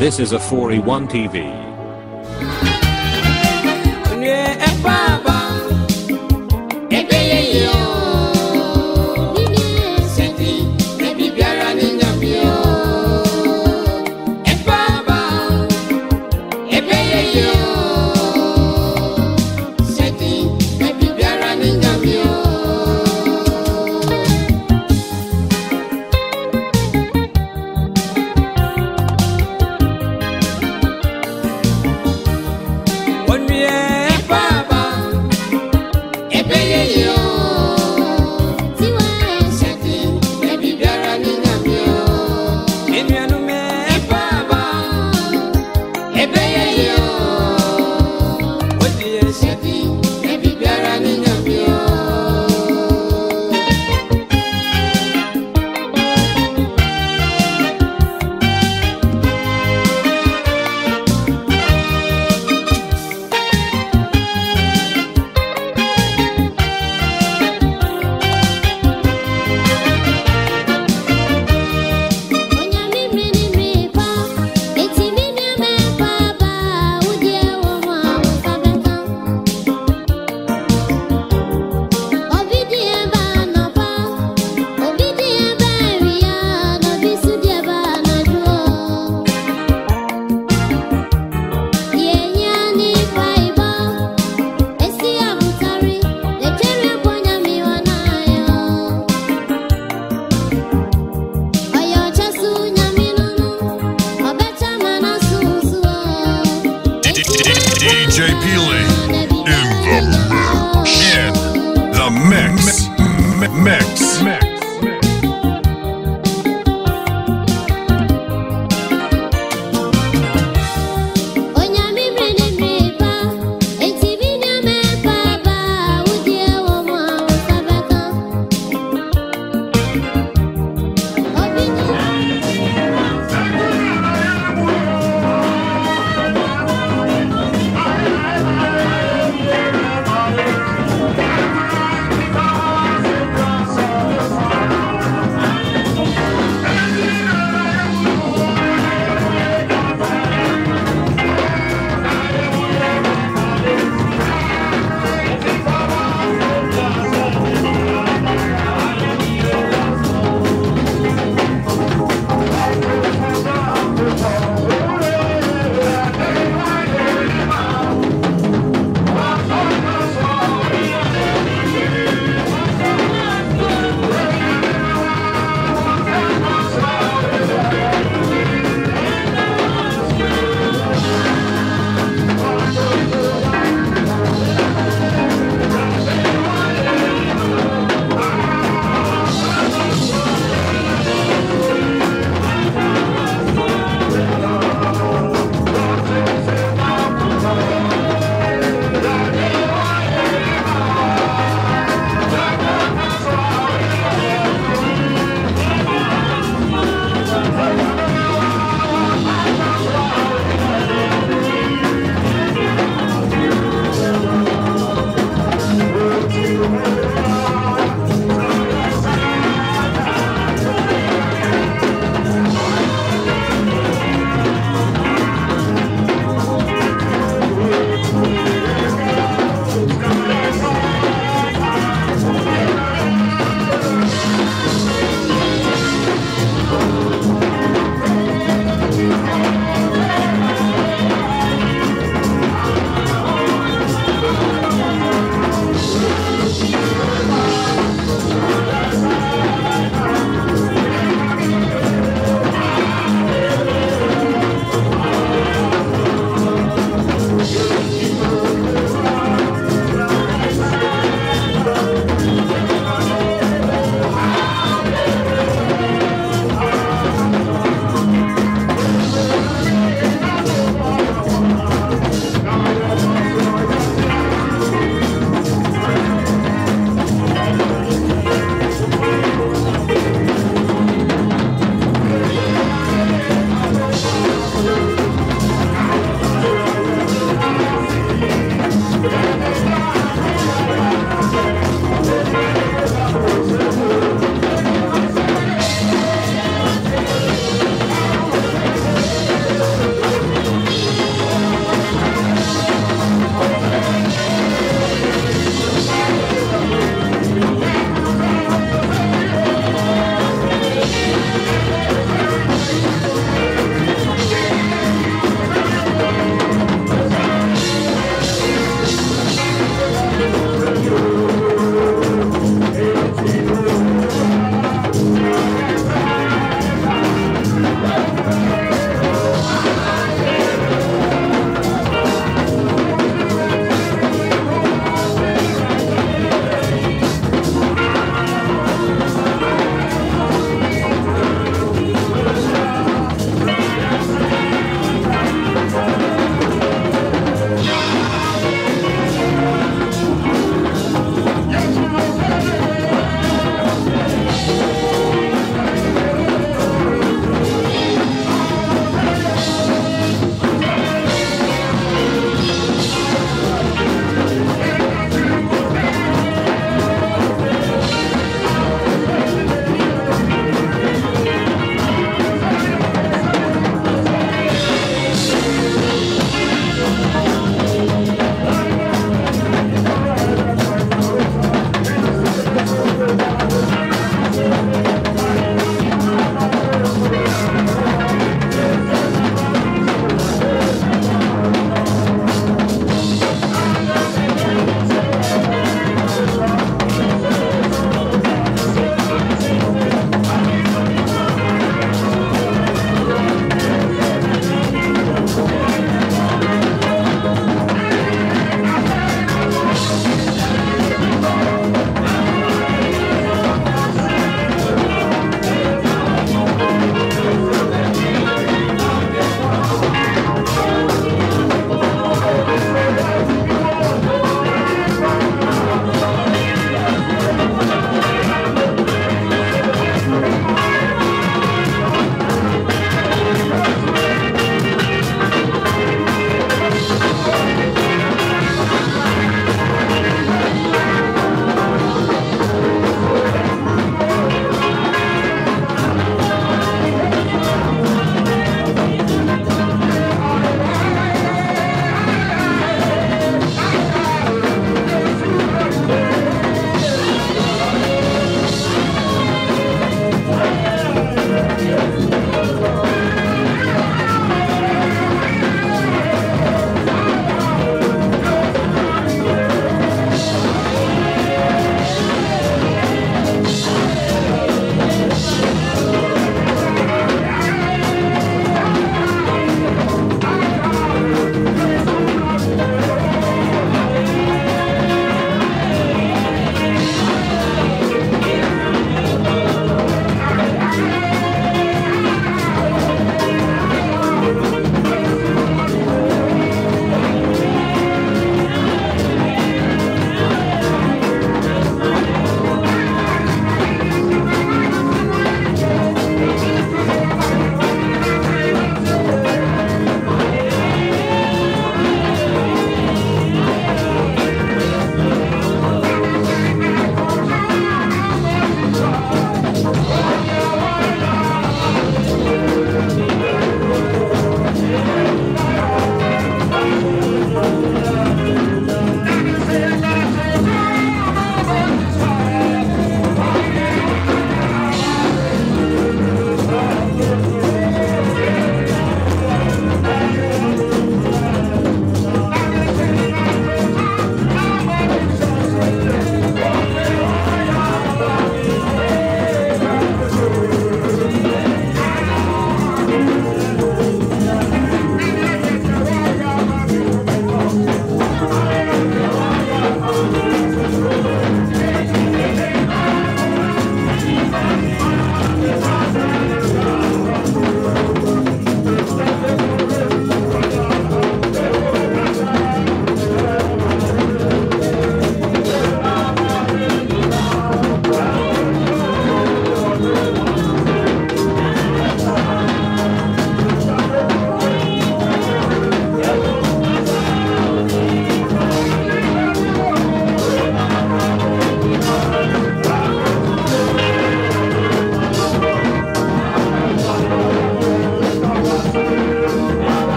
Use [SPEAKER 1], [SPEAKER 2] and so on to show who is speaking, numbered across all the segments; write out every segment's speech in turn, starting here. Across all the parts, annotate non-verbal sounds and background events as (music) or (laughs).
[SPEAKER 1] This is a 4E1 TV.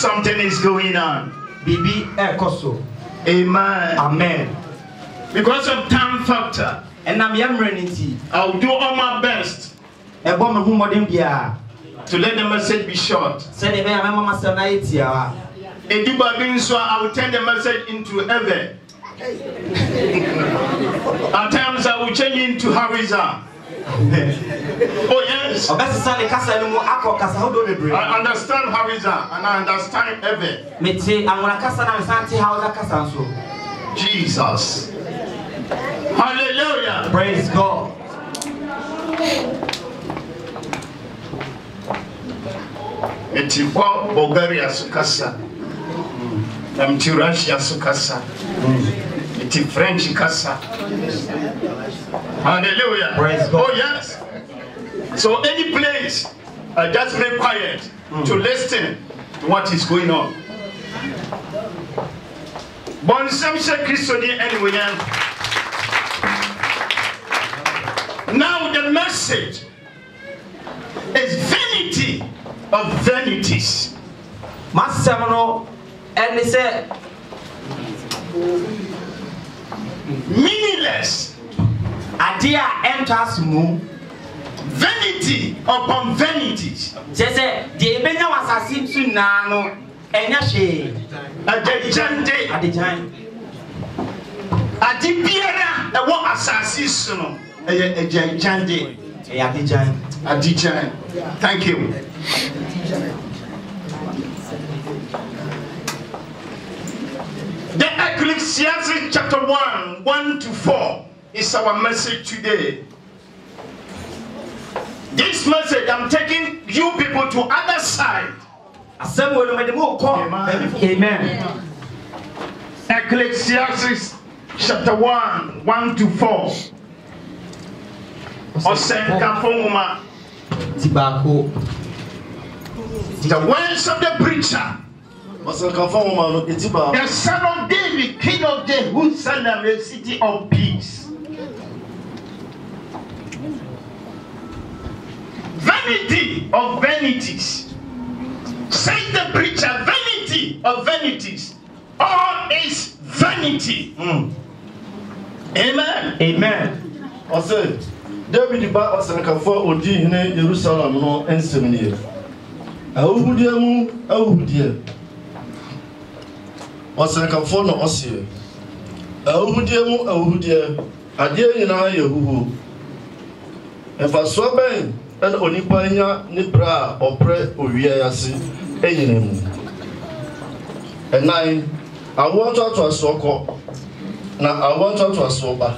[SPEAKER 2] something is going on. Bibi ekoso. Amen. Amen. Because of time factor. and yẹn mìíràn ni I will do all my best. Ẹ̀bọ́ mi hu mọ́dé bíà. To let the message be short. Sẹ́ni bẹ́ẹ̀ mẹ́mọ́ máa sẹ́ni ayé tì á wa. Ediba bi nso a I will turn the message into heaven. At times I will change it into horizon.
[SPEAKER 1] (laughs) oh
[SPEAKER 2] yes. I understand Hawisa and I understand heaven. Jesus. Hallelujah. Praise God. nti kwa bulgaria sukasa. kasa na russia sukasa. kasa nti hmm. french kasa Hallelujah. Praise God. Oh, yes. So any place, uh, just be quiet mm. to listen to what is going on. Bon Samson Christian, anyway. Now the message is vanity of vanities. Masam no and said, meaningless adeɛ a ɛntɔ ase mu vanity upon vanity kyɛ sɛ deɛ ɛbɛnya wɔ asase so nyinaa no ɛnyɛ hwee adagyan de adagyan ade biara ɛwɔ asase so no ɛyɛ adagyan de ɛyɛ adagyan adagyan thank you. The Ecclesiastes chapter 1, 1 to 4. is our message today. This message, I'm taking you people to other side. Amen. Amen. Ecclesiastes chapter 1, 1 to 4. The words of the preacher. The son of David, king of Jerusalem, the city of peace. Vanity of vanities. Said the preacher, vanity of vanities. All is vanity. Mm. Amen. Amen. Ɔsɛ David ba ɔsɛnkafo odi hene Yerusalem no nsɛm nie. Ahuhudeɛ mu ahuhudeɛ. Ɔsɛnkafo na ɔseɛ. Ahuhudeɛ mu ahuhudeɛ. Adeɛ nyinaa yɛ huhu. Mfasoɔ bɛn ɛna onipa nya ne
[SPEAKER 3] berɛ a ɔbrɛ owia ase ɛnyina mu ɛnan awoɔ ntoatoasoɔ kɔ na awoɔ ntoatoasoɔ ba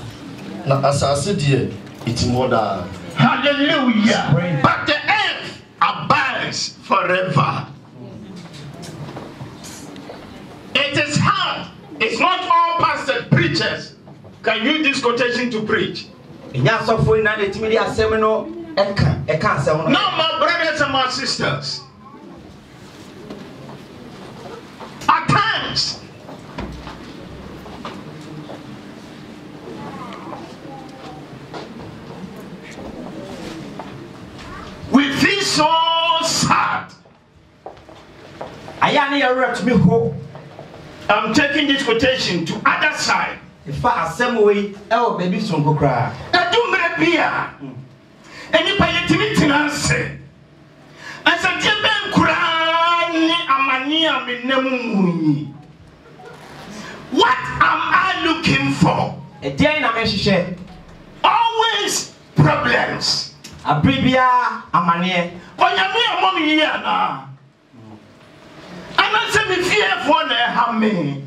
[SPEAKER 3] na asase deɛ ɛtim hɔ daa
[SPEAKER 2] hallelujah but the earth abides forever it is hard it's not all pastors preachers can use this quotation to preach ɛnyɛ asɔfoɔ nyinaa na ɛtumi de asɛm no no. now my brothers and my sisters at times. We feel so sad. I am here to tumi hɔ. I'm taking this quotation to other side. If I asɛm wo yi ɛwɔ baabi sonko cry. That mmerɛ bi a. Mm nipa yɛtumi tena ase asadeɛ bɛn koraa ne amane a menam nwonyi what am i looking for ɛdeɛn na mehyehyɛ always problems abere biara amaneɛ onyame a mmɔ me yie anaa anansɛ me fiefoɔ na ɛha me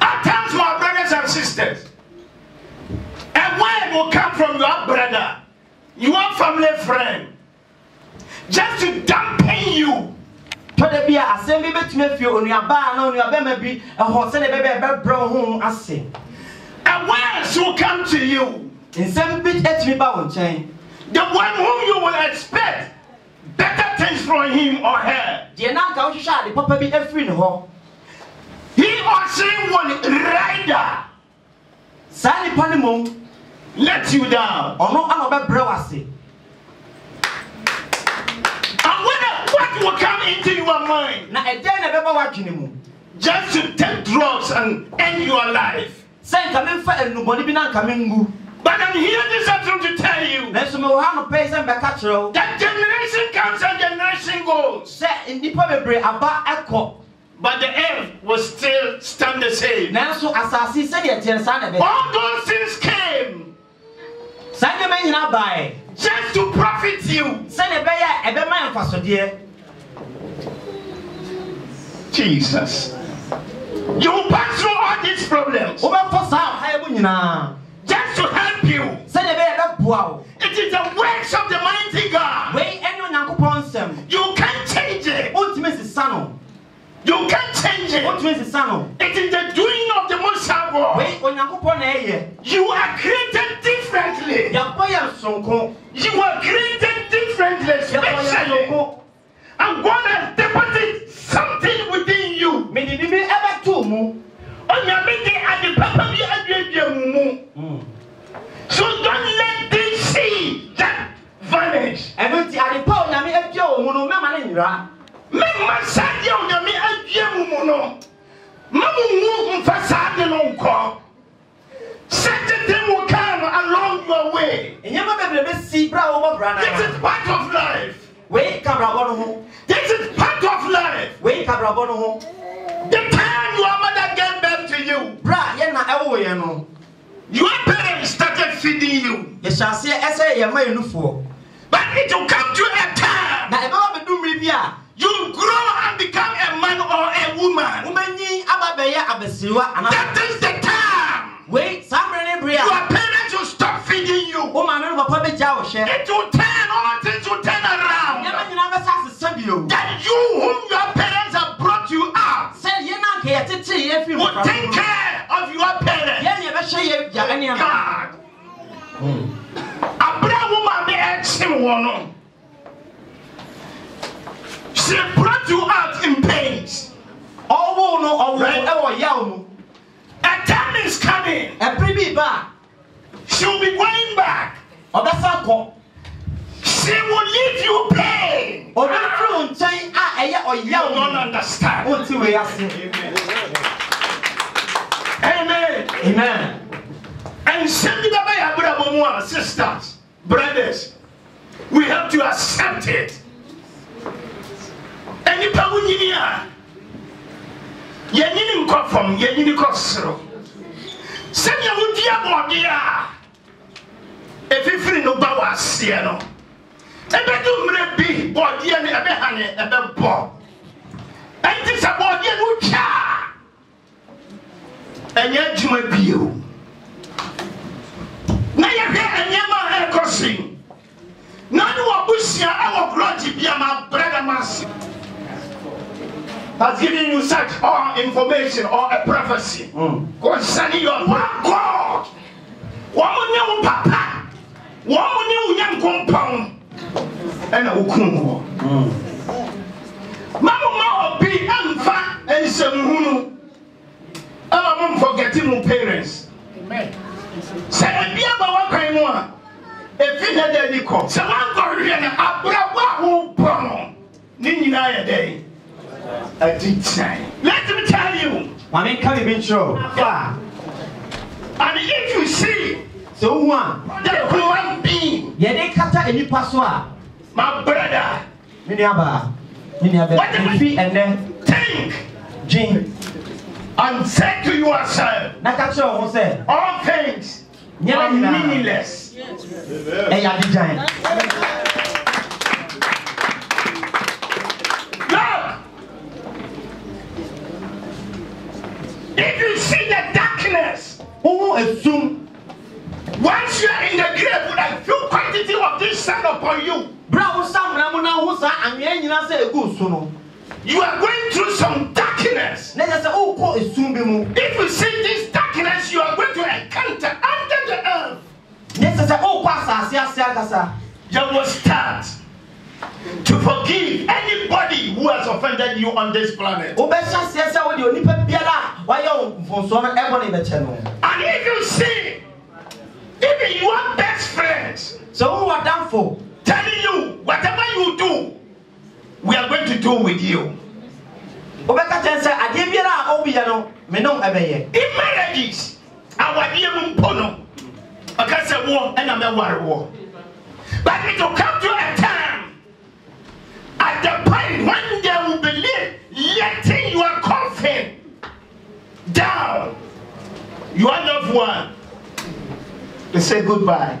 [SPEAKER 2] at my brothers and sisters And why will come from your brother, your family friend, just to dampen you. tɔdɛ bi a asɛm bi bɛtumi afi onuabaa na onuabɛma bi ɛhɔ sɛdeɛ bɛbɛ ɛbɛbrɛ ho ase and words will come to you nsɛm bi atumi ba wo nkyɛn the one whom you will expect better things from him or her deɛ na anka wohwehwɛ ade papa bi afiri ne hɔ he or she will rider saa nipa no mmom let you down. ọ̀nà àná ọbẹ̀ brẹ́ wá sí. and when what will come into your mind. na ẹ̀jẹ̀ náà bẹ́ẹ̀ bá wá jìnnì mu. just to take drugs and end your life. sẹ́ nkà mi ń fẹ́ ẹnubọ̀nì bí náà nkà mi ń gu. But I'm here this afternoon to tell you. Nẹ̀sùn mi wò hánu pẹ́yì sẹ́ mbẹ́ka kyerẹ́ That generation comes and generation goes. Sẹ́ nípa bebree àbá ẹ̀kọ́. But the earth will still stand the same. Nẹ̀sùn àsàsì sẹ́ni ẹ̀jẹ̀ nsá nà bẹ́ẹ̀. All those things came saa nneɛma nyinaa baeɛ. just to profit you. sani ɛbɛyɛ ɛbɛma nfasodeɛ. jesus you will pass through all these problems. o bɛ fɔ saa ɔha mu nyinaa. just to help you. sani ɛbɛyɛ ɛbɛ bu awo. it is the works of the mighty God. wei ɛni onyankopɔn nsɛm. you can change it. o tun bɛ sisan no. You can't change it. What means it is the doing of the Most High God. You are created differently. Yabɔ yɛ sonko. You were created differently specially. And God has deposited something within you. Mèdì bíbí ẹ bẹ tó mu. Onyàmí di adi pápá bí aduadua mu mu. So don't let this see that vanish. Ẹnu ti adi pa onyàmí adua òmu no mẹ́ma ni nyira. Mẹ́ma sáde onyàmí adua mu mu no. Mẹ́mu mu nfa sáde no nkọ. Sẹ́tẹ̀tẹ̀ way. This is part of life. Wei ka abrabɔ no ho. This is part of life. Wei ka abrabɔ no ho. The time your mother gave birth to you. Bra yɛn na Your parents started feeding you. Yɛhyɛ aseɛ ɛsɛ yɛn mma yɛn nufoɔ. But it will come to a time. Na ɛbɛma bɛ dum biribi a. You grow and become a man or a woman. That is the time. Wait, saa mmerɛ ne bere a. your parents will stop feeding you. o maame ne papa bɛ gya o hyɛ. it will turn all things will turn around. nyɛma nyinaa never sa to bi you. that you whom your parents have brought you up. sɛ yɛn nan kɛ yɛ tete yɛ fi will take care of your parents. yɛn yɛ bɛ hyɛ yɛ ja ɛni yɛn. God. abira wo maame ɛkyi wɔ no. she brought you out in pains. ɔwɔ no ɔwɔ ɛwɔ yaw mu. A time is coming. Ẹ̀pẹ́ bíi bá. She will be going back. Ọ̀bẹ fà She will leave you pain. Òbí fún un nkyẹn a ẹ̀yẹ ọ̀yá You don't understand. O we wẹ̀ Amen. Amen. And bí bàbá yà abúlé àbọ̀ sisters brothers we have to accept it. Any power nyini a yɛnyini nkɔ fam yɛnyini kɔ soro sɛnea wodi abɔde a ɛfifiri no ba wɔ aseɛ no ɛbɛdu mmerɛ bi bɔɔdeɛ no ɛbɛhane ɛbɛbɔ ɛnti sɛ bɔɔdeɛ no wotwa a ɛnyɛ adwuma bio na yɛhwɛ nneɛma a ɛrekɔ sen na ne wɔ busua ɛwɔ borɔgye bi a mabrɛ dɛm ase has given you such all information or a prophecy mm. concerning your What God, wọ́n mu ní wọn papa, wọ́n mu ní wọn yẹn nkómpọ́n, ẹ̀na okun wọ. Mamu ma obi ẹnfa nsẹmuhunu ẹna mo nfọgẹti mu parents. Sẹ ebi aba wa kwan mu a, efi na dẹ ẹni kọ. Sẹ wọn kọ hwẹ na abúlé wa ho pọ̀ no, nyinaa yẹ dẹ Let me tell you. Maame nka bibi nkyerɛ. Afa. And if you see. Sɛ o hu The human being. Yɛde kata nipa so a. My brother. Mi ni aba. Mi ni aba. Nfi ɛnɛ. Think. Gin. And say to yourself. Na ka kyerɛ o ho sɛ. All things. are meaningless. Ɛyɛ adi gyan. If you see the darkness, once you are in the grave with a few quantity of this sand upon you, you are going through some darkness. If you see this darkness, you are going to encounter under the earth. pass You will start to forgive anybody who has offended you on this planet. and if you see even your best friends. So who are wo for? telling you whatever you do we are going to do with you. wobɛka kyɛn sɛ adeɛ biara a wobiyɛ no me nom ɛbɛyɛ in marriages awadeɛ mu mpo no ɔka sɛ woɔ ɛna but it will come to a time at the point when they will believe, letting your coffin down, your loved one, they say goodbye.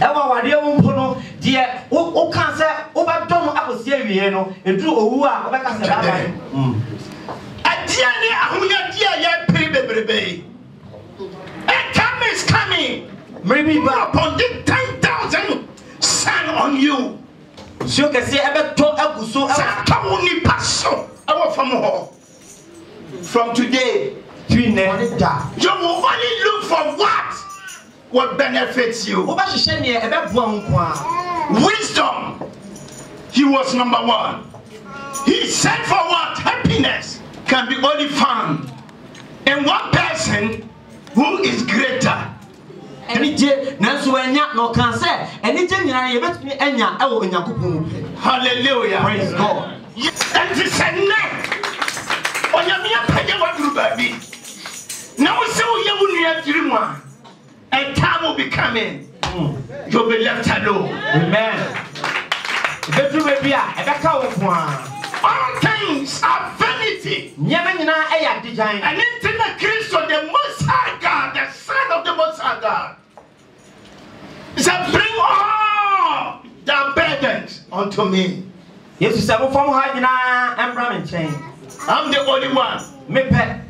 [SPEAKER 2] ɛwɔ awadeɛ mu mpo no deɛ woka sɛ wobɛdɔ no akɔsi awie no ɛduru owu mm. a wobɛka sɛ baba adeɛ ne ahoyadeɛ a yɛpere bebrebe a time is coming maybe upon the 10000 sun on you nsuo kɛseɛ ɛbɛtɔ agu so sɛ ka wo nipa so ɛwɔ fam hɔ from today tiri nɛ da you will only look for what will benefit you wobɛhyehyɛ neɛ ɛbɛboa wo nko a wisdom he was number one he said for what happiness can be only found in one person who is greater anigye nanso wanya na ɔka sɛ anigye nyinaa yɛbɛtumi anya ɛwɔ onyankopɔn mu hallelujah praise god ɛnti sɛ nnɛ ɔnyame apagya waduru baabi na wo sɛ woyɛ wo nua firi mu a ɛtaa mo becoming you'll be left alone amen ɛbɛduru baabi a ɛbɛka wo ko all things are vanity. Nyẹ́mi nyinaa ẹ̀yà the Ẹni tí na Kristo the most high God the son of the most high God. He said, Bring all thy burdens unto me. Yesu sɛ wofam ha nyinaa ɛmmra me nkyɛn. I'm the only one. Mepɛ.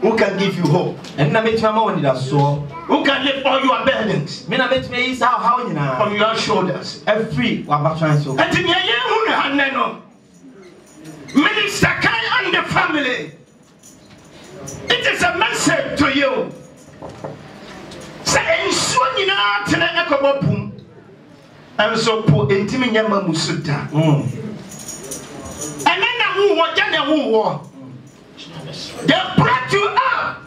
[SPEAKER 2] Who can give you hope? Ɛnna mɛtumi ama wɔn Who can lift all your burdens? Me na mɛtumi eyi saa ɔhaw nyinaa. From your shoulders. Ɛfiri w'abatwan so. Ɛti nea yɛn hu ne ha nnɛ no. Minister Kai and the atene ɛkɔbɔ pum nso po ntumi nyɛ ma mu so da mm. ɛne na huwɔ gya na huwɔ they brought you up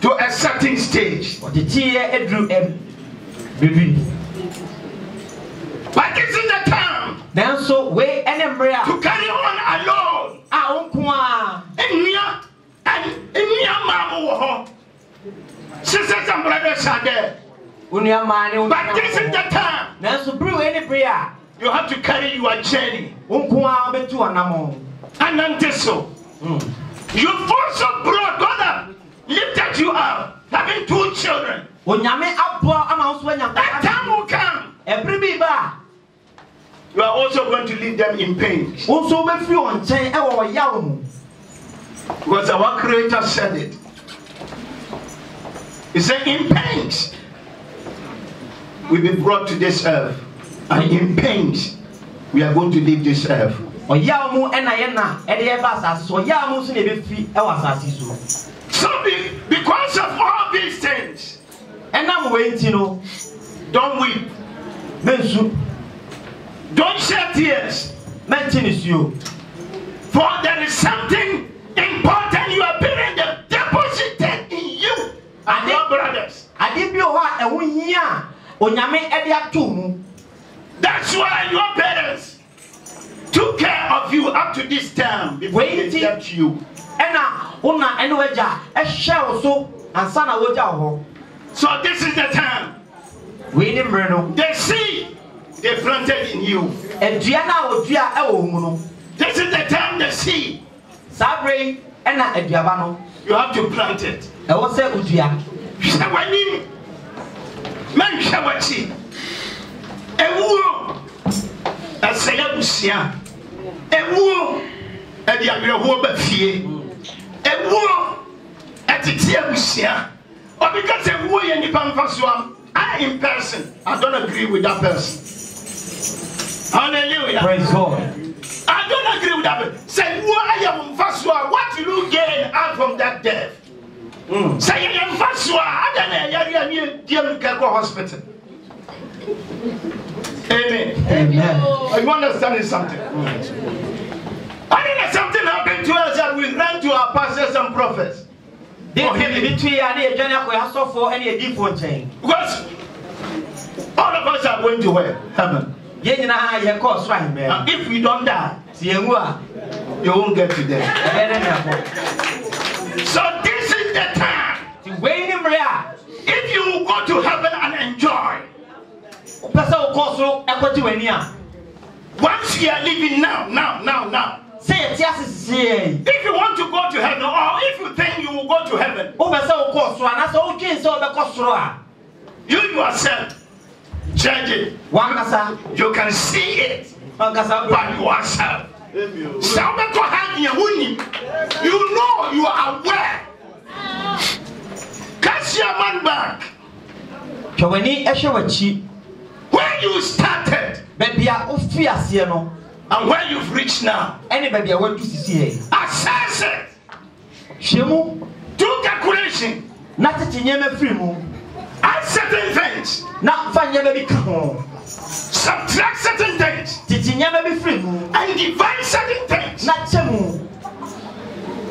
[SPEAKER 2] to a certain stage. ɔde tiɛ eduru ɛm bibi. but this is the time. nanso wei ɛne mmerɛ a. to carry on alone. a o nko a. nnua nnua maa mo wɔ hɔ sisan sanfura bɛ sa But this is the time. any You have to carry your journey. And until so, you fall so broad, God lifted you up, having two children. That time will come. You are also going to leave them in pain. Because our Creator said it. He said, in pains will be brought to this earth. And in pains, we are going to leave this earth. Ọ̀yá ọmú ẹ̀nà yẹn ẹ̀dí ẹ̀ bá ọ̀yá ọmú sì ni ebi fi ẹwà àṣàṣì so. So be, because of all these things. Ẹ̀nà mo wẹ̀ ntí no. Don't weep. Mẹ́nsu. Don't shed tears. Mẹ́ntì ni sùn o. For there is something important you are bearing the deposited in you and your brothers. Adé bí o hɔ a ẹ̀hún yín onyame ɛde ato mu. that's why your parents took care of you up to this time before Wait they left you. ɛna wo na ɛne wagya ɛhyɛ wo so ansa na wogya wo so this is the time. wei ne mmerɛ no. they see they planted in you. Ẹ̀dùá náà wò dùá ẹ̀ no. This is the time they see. Saa bere yi ẹ̀na no. You have to plant it. Ẹ̀wọ́ sẹ́ ọ̀dùá. Ṣé wọ́n ní? mɛnhwɛ w'akyi ɛwuo ɛsɛe abusua ɛwuo ɛde awerɛhoɔ ba fie ɛwuo ɛtete abusua obi ka sɛ ɛwuo yɛ nnipa mfa so a I in person, I don't agree with that person. Hallelujah. Praise God. I don't agree with that person. Say, why am I What will you gain out from that death? sɛ yɛyɛ mfa so a ada na ɛyare a ne yɛdi amerika kɔ hospital amen, amen. Are oh, you understand something I do something happened to us that we ran to our pastors and prophets oh, because all of us are going to heaven and if we don't die. you won't get to there. so this the time if you go to heaven and enjoy once you are living now now now now if you want to go to heaven or if you think you will go to heaven you yourself judge it you can see it by yourself you know you are aware Catch your man back. Hwɛ w'ani ɛhwɛ w'akyi. Where you started. Baabi a ofi aseɛ no. And where you've reached now. any baabi a wadu sisi yɛ. Assess it. mu. Do calculation. Na tete nneɛma free mu. Add certain things. Na fa nneɛma bi ka ho. Subtract certain things. Tete nneɛma bi free mu. And divide certain things. Na kyɛ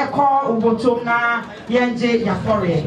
[SPEAKER 2] ɛkɔ obotom na yɛngye yɛafɔreɛ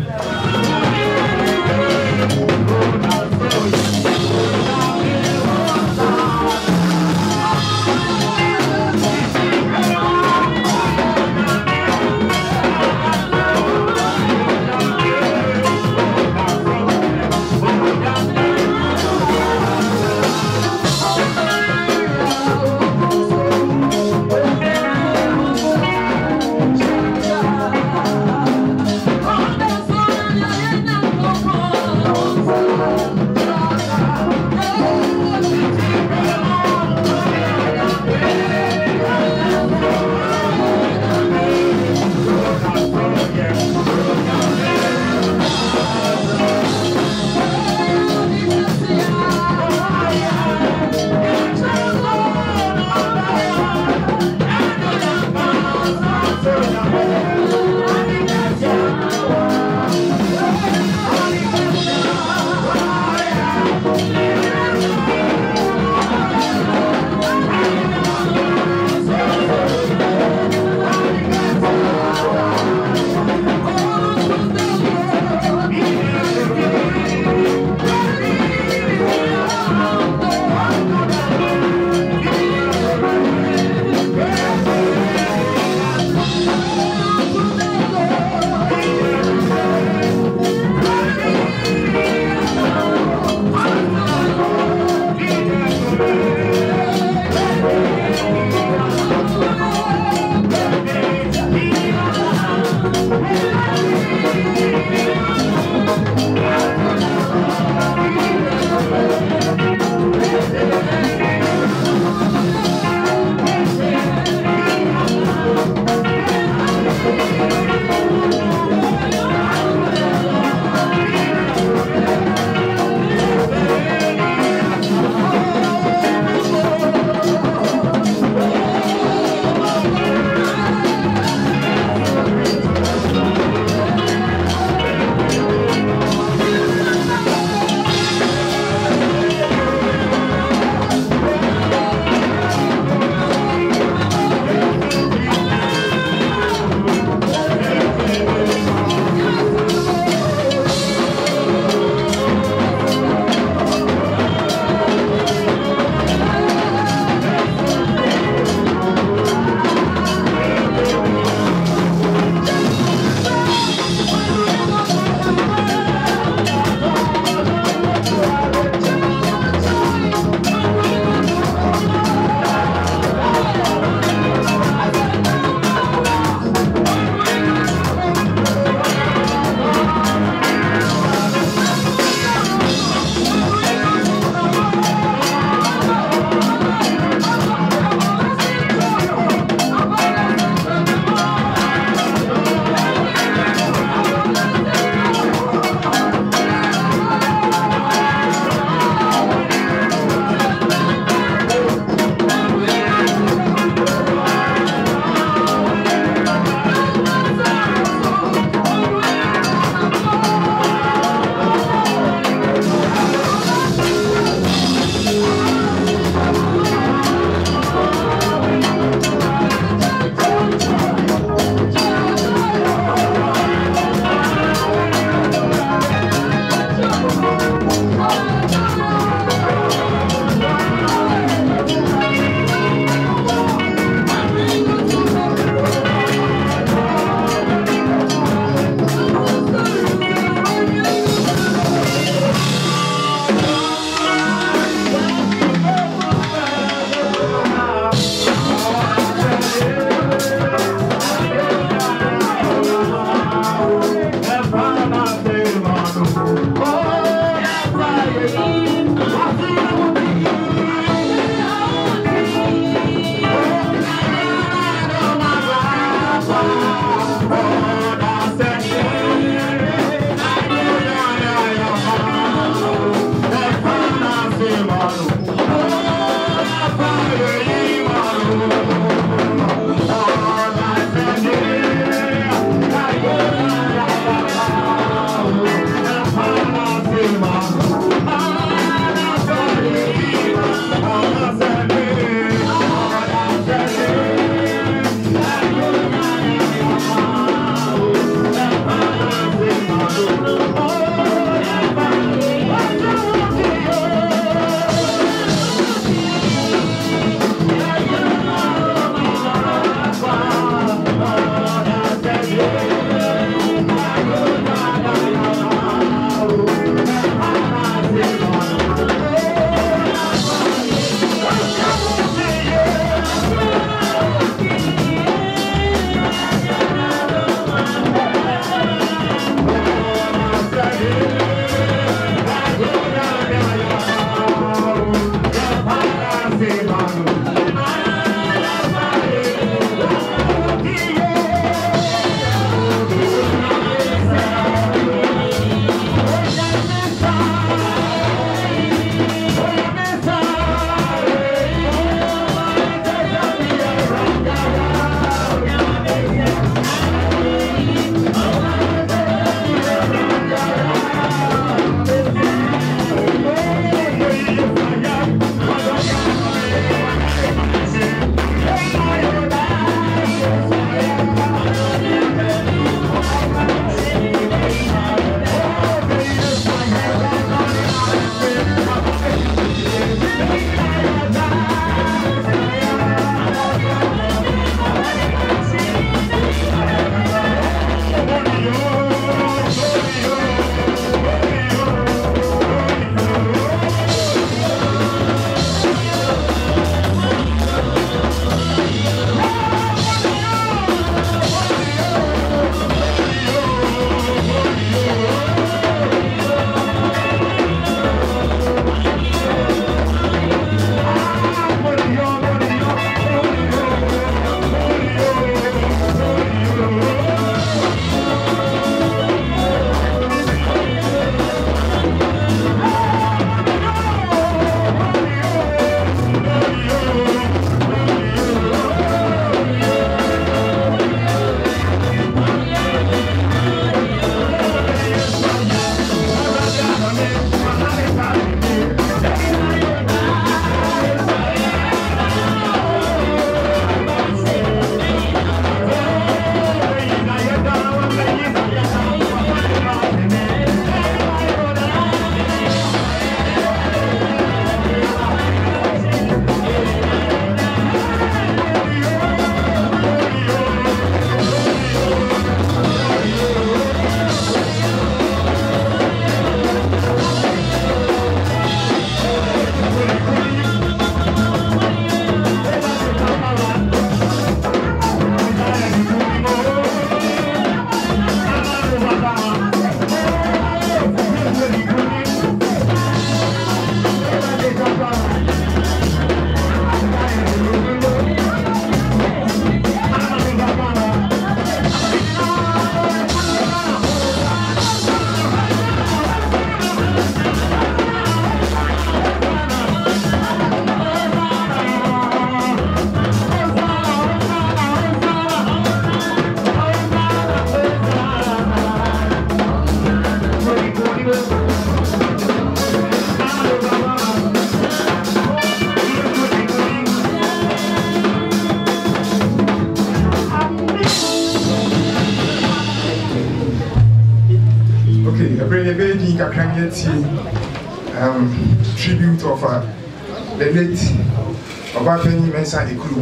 [SPEAKER 4] Mensa Ikuru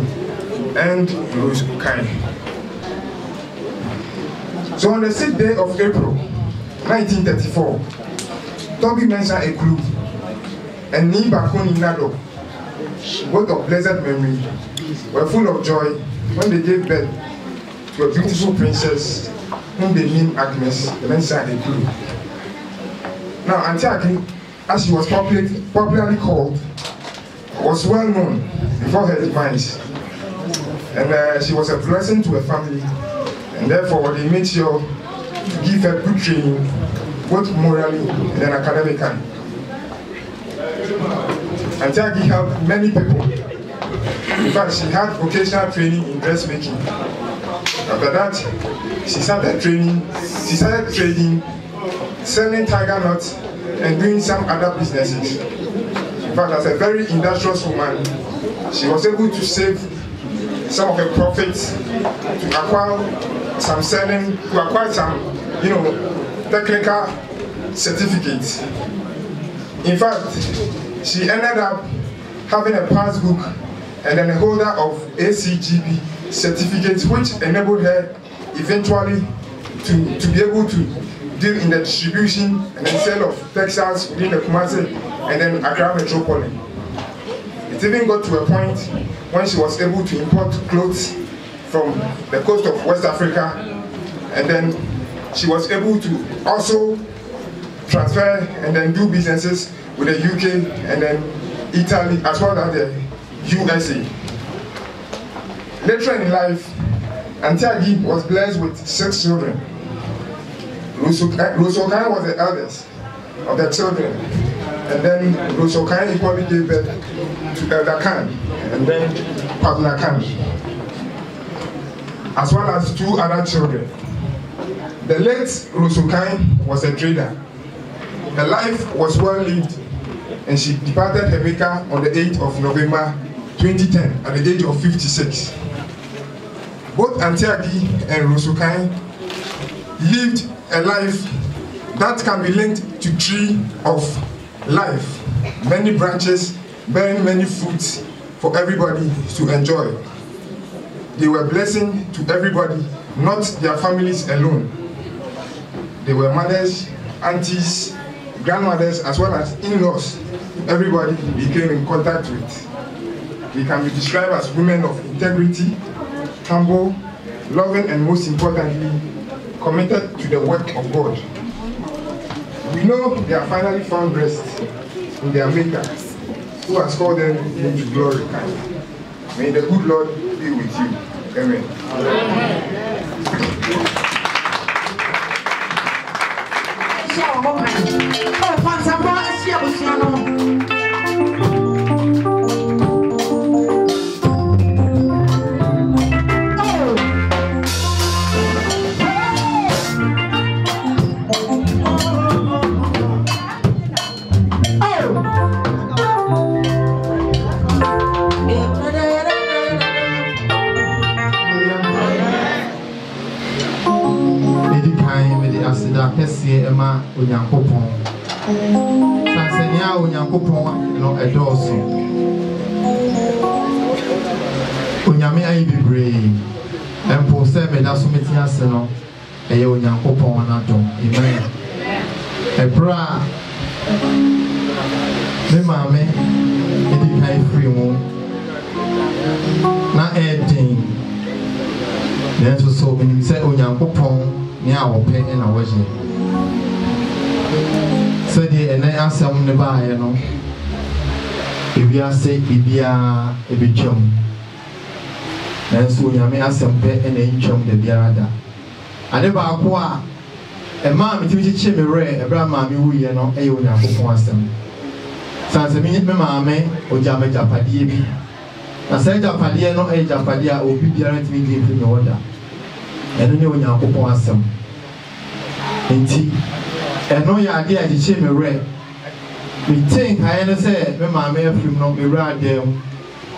[SPEAKER 4] and Louis Ukai. So on the 6th day of April 1934, Toby Mensa Ikuru and Nibakuni Nado, both of blessed memory, were full of joy when they gave birth to a beautiful princess whom they named Agnes Mensa Ikuru. Now, Auntie Agnes, as she was popularly called, was well known before her And uh, she was a blessing to her family. And therefore, they made sure to give her good training, both morally and academically. And Tiagi helped many people. In fact, she had vocational training in dressmaking. After that, she started training, she started trading, selling tiger nuts, and doing some other businesses. In fact, as a very industrious woman, she was able to save some of her profits to acquire some selling, to acquire some, you know, technical certificates. In fact, she ended up having a passbook and then a holder of ACGB certificates, which enabled her eventually to, to be able to deal in the distribution and the sale of textiles within the Kumasi and then Accra metropolitan. She even got to a point when she was able to import clothes from the coast of West Africa and then she was able to also transfer and then do businesses with the UK and then Italy as well as the USA. Later in life, Antiagi was blessed with six children. Rusokai was the eldest of the children. and then Rosso Khan probably gave birth to Elder Khan, and then Partner Khan, as well as two other children. The late Rosso was a trader. Her life was well lived, and she departed Jamaica on the 8th of November 2010 at the age of 56. Both Antiaki and Rosukai lived a life that can be linked to three of life, many branches, bearing many fruits for everybody to enjoy. They were blessing to everybody, not their families alone. They were mothers, aunties, grandmothers, as well as in-laws. Everybody we came in contact with. They can be described as women of integrity, humble, loving, and most importantly, committed to the work of God. We know they have finally found rest in their Maker, who has called them into glory. May the good Lord be with you. Amen.
[SPEAKER 5] Amen.
[SPEAKER 3] ewiase ebiara ebetwam nanso onyame asɛm pɛ na ɛntwam da biara da ade baako a ɛmaa me tumi kyekyere me werɛ ɛberɛ a maame wuyɛ no ɛyɛ onyankopɔn asɛm san sɛ me maame ogya me gyapadeɛ bi na sɛ gyapadeɛ no ɛyɛ gyapadeɛ a obi biara ntumi gye mfiri me hɔ da ɛno ne onyankopɔn asɛm nti ɛno yɛ adeɛ a kyekyere me werɛ mete nkaeɛ no sɛ me maame afirim no mewura adan mu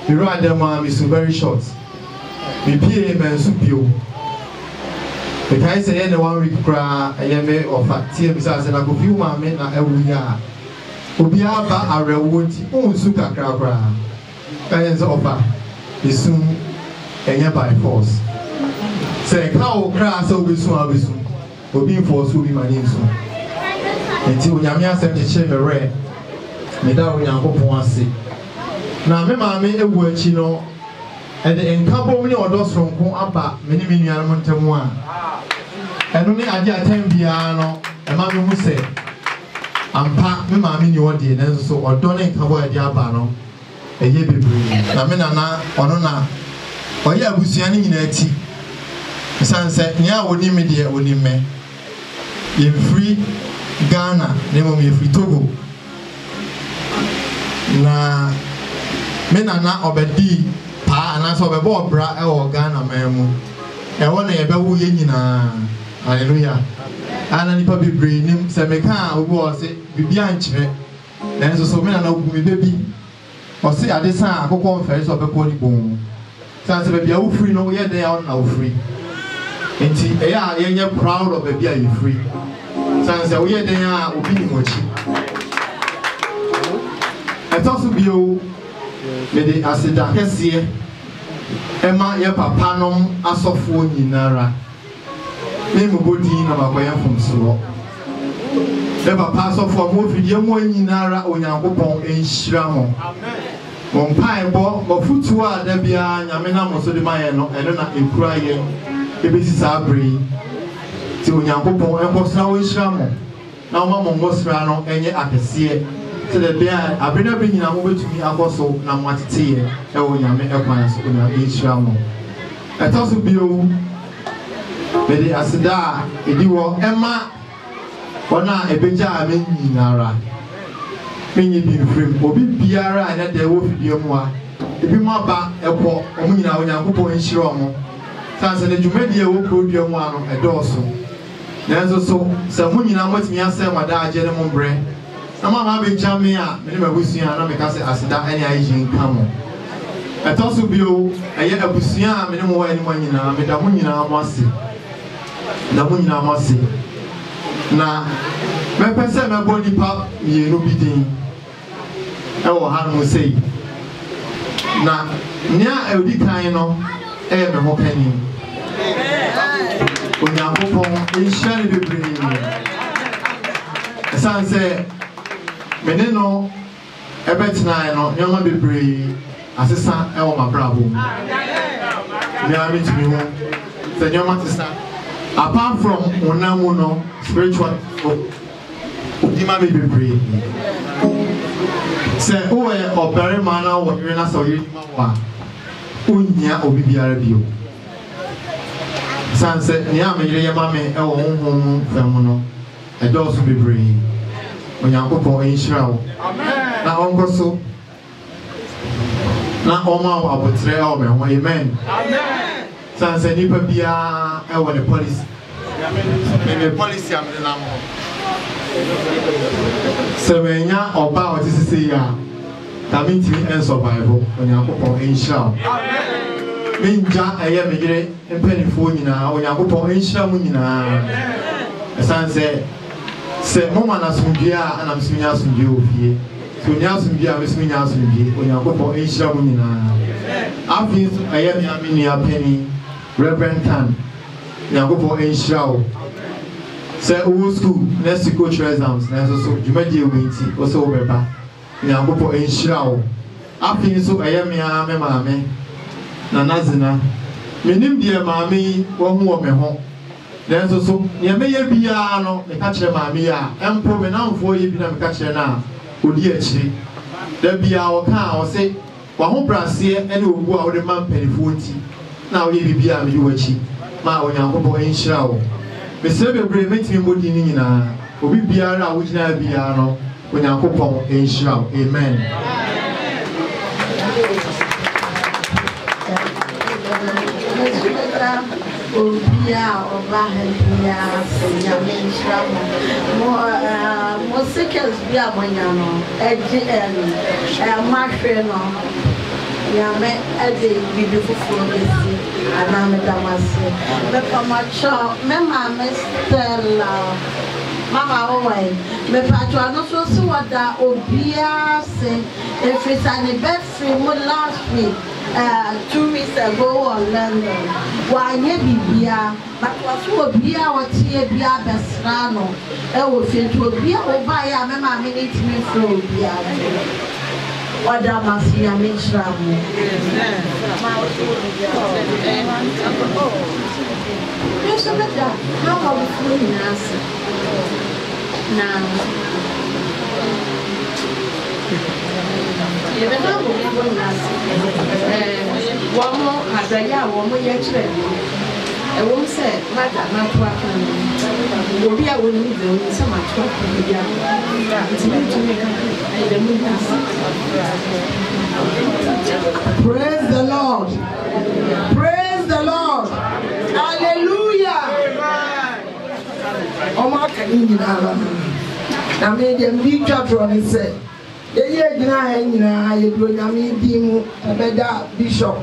[SPEAKER 3] mewura adan mu a mesu very short mebie manso bio mekae sɛ ɛyɛ ne one week koraa ɛyɛ me ɔfa tie mi sɛ asɛ na kofi wo maame na ɛwo yi a obiara ba awerɛwoɔ nti wonsu kakra koraa ɛyɛ sɛ ɔfa esum ɛnyɛ by force sɛ ɛka wo kra sɛ wobɛsum a wobɛsum obi mfɔɔ so obi ma ne nsum nti onyame asɛm kyekyere me werɛ meda onyankopɔn ase na me maame ewu akyi no ɛde nkabom ne ɔdɔ soronko aba me ne me nuanom ntam a ɛno ne ade atɛn biara no ɛma me hu sɛ ampa me maame ni ɔdeɛ nanso ɔdɔ ne nkabom a ɛde aba no ɛyɛ bebree na me nana ɔno na ɔyɛ abusua no nyinaa ti ɛsiane sɛ nea a wɔnim me deɛ wɔnim mɛ yɛmfiri ghana na mmom yɛfiri togo na me nana ɔbɛdii paa anaasɛ ɔbɛbɔ ɔbra ɛwɔ e ghana man mu ɛwɔ e na yɛbɛwo e yɛ nyinaa hallelujah ana nipa bebree nim sɛ meka a obi ɔse biribi ankyerɛ nanso so me nana ogu me bɛbi ɔse ade san akokɔ mfɛre sɛ ɔbɛkɔ ne bɔn mu san sɛ baabi a wofiri no yɛ dɛn a ɔno na wofiri nti ɛyɛ a yɛnyɛ proud of baabi a yɛfiri san sɛ woyɛ dɛn a obi nim akyi ɛtɔ so bio mede aseda kɛseɛ ɛma yɛ papa nom asɔfoɔ nyinara ne mbobɔ din na makɔyɛ mfomsoɔ yɛ papa asɔfoɔ a mofidie mu nyinara onyankopɔn nhyira mo mo mpaebɔ mɔfotuo a da biara nyame na mo so de ma yɛ no ɛno na ɛkura yɛ ɛbɛsi saa berɛ yi nti onyankopɔn ɛnkɔsra wɔnhyira mo na wɔma mo ngɔsra no ɛnyɛ akɛseɛ sɛdeɛ bia abena bi nyina betumi akɔ so na atete moateteeɛ ɛwɔ nyame ɛkwan so onyame nhyira mo
[SPEAKER 4] ɛtɔ so bio
[SPEAKER 3] mede aseda a ɛdi wɔ ɛma wɔn a ɛbɛgyaa me nyinara menye bi mfirim obi biara a ɛnɛ deɛ ɛwɔ fidie mu a ebi mu aba ɛkɔ ɔmo nyinaa onyankopɔn nhyira ɔmo san sɛ ne dwumadie ɛwɔ kuro dua mu a no ɛdɔɔso nanso so sɛ mo nyinaa motumi asɛ mo adaagye ne mo mbrɛ na maama abɛgya me a mene mabusua na meka sɛ aseda ne ayɛgye nka mo ɛtɔ so bio ɛyɛ abusua a mene mo wɔ anim nyinaa meda mo nyinaa mo ase da mo nyinaa mo ase na mɛpɛ sɛ mɛbɔ nnipa mmienu bi din ɛwɔ hanom sei na nea ɛdi kan no ɛyɛ me ho panin onyankopɔn nhyira ne bebree ɛsiane sɛ mene no ɛbɛtenaeɛ no nneɛma bebree asesa ɛwɔ m'abrabɔ mu nneɛma metumi ho sɛ nneɛma sesa apart from honam mu no spiritual odima mi bebree sɛ woyɛ ɔbarima na wɔ yere na sɛ ɔyere nima wɔ a wonnya obi biara bio san sɛ nea meyere yɛ ma me ɛwɔ honhom fam no ɛdɔɔso bebree onyankopɔn nhyira wo na ɔnkɔ so na ɔma wo abotire a ɔmɛ ho amen san sɛ nipa biara ɛwɔ ne policy ne policy a mede nam hɔ sɛ manya ɔba a ɔte sese yi a na mentumi ɛnsɔbaibo onyankopɔn nhyira wo mengya ɛyɛ me yere mpanifoɔ nyinaa onyankopɔn nhyira mu nyinaa ɛsiane sɛ sɛ moma no asomdwoe a ana mesimi nya asomdwoe wɔ fie sɛ onya asomdwoe a mesimi nya asomdwoe onyankopɔn ɛnhyira mu nyinaa afei nso ɛyɛ me ame nua pani reverend tan ɛnhyira wo sɛ wowɔ na si cultural exams nanso so dwumadie nti wo sɛ wobɛba ɛnhyira wo afei ɛyɛ me a me maame nana zena menim deɛ maame yi wɔho wɔ me ho nanso so nea meyɛ biara no meka kyerɛ maame yi a ɛmpo me namfoɔ yɛ bi na meka kyerɛ no a ɔdi akyire da biara wɔka a ɔse w'ahobraseɛ ne owu a wode ma mpanimfoɔ nti na woyɛ biribi a mede w'akyi ma onyankopɔn nhyira wo mesrɛ bebree mɛtumi mmɔdi no nyinaa obi biara a wogyinaa biara no onyankopɔn nhyira wo amen
[SPEAKER 5] Thank you obi a ɔba ha biara sɛ nyame nhyira mo eh, mo sikɛs bi a monya no ɛgye eh, ɛno ɛmahwɛ no nyame ɛde biribi foforɔ bɛsi anaa medam ase mepamakyɛw me maame stella mama wɔwɔe oh mepatro ano so si wɔ da obiara se ɛfiri sa ne mu last week uh, two weeks ago wɔ london wɔanyɛ biribiaa but wɔso obiara wɔteɛ biara bɛsra no ɛwɔ e fie nti obiara wɔbaeɛ a me maame ne ntumi frɛ obiara ɔda mase nyame nhyira mo nso bɛda ha ma wofuo nyinaa se Now. yɛbɛka abɔfo nase wɔn mo adɔyɛ a wɔn mo yɛ kyerɛ no ɛwɔ mu sɛ mada mato aka no obi a wɔnim dɛ wɔn sɛ mato aka no bi a nti ntumi kaka ɛdɛ mo yɛ praise the lord praise the lord hallelujah wɔn aka ne nyinaa la na me deɛ mbi twa torɔ ne sɛ yɛyɛ agyina ha nyinaa yɛduro nyame din mu ɛbɛda bishop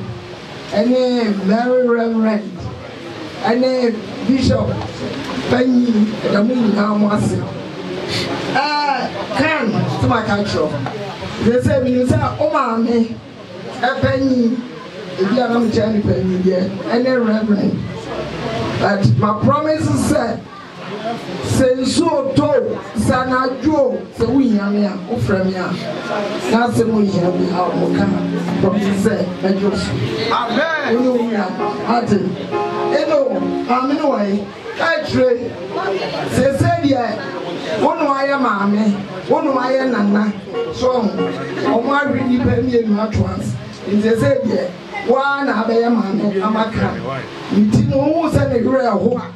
[SPEAKER 5] ɛne mary reverend ɛne bishop panyin ɛda mu nyinaa mo ase ɛɛ kan sima ka kyerɛ de sɛ mmienu sɛ o maame ɛpanyin ebi anam kyɛn ne panyin deɛ ɛne reverend but ma promise sɛ. sɛ nsuo tɔ sɛ sɛ wohia a wofrɛ me a na asɛm wohia a wɔka bɔte sɛ mɛdwo so ate ɛno maame wɔe ɛkyerɛ sɛsɛ deɛ wono ayɛ maame wono ayɛ nana so ɔmo awe nnipa mmienu ato ase deɛ woa na abɛyɛ maame amaka nti no wohu sɛ ne werɛ a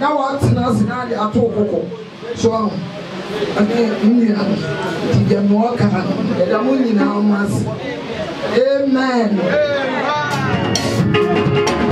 [SPEAKER 5] na watena ase na ade ato kɔkɔ so ahu ɛne nnua no nti deɛ ma ɔka no ɛda mo nyinaa mo ase amen. amen.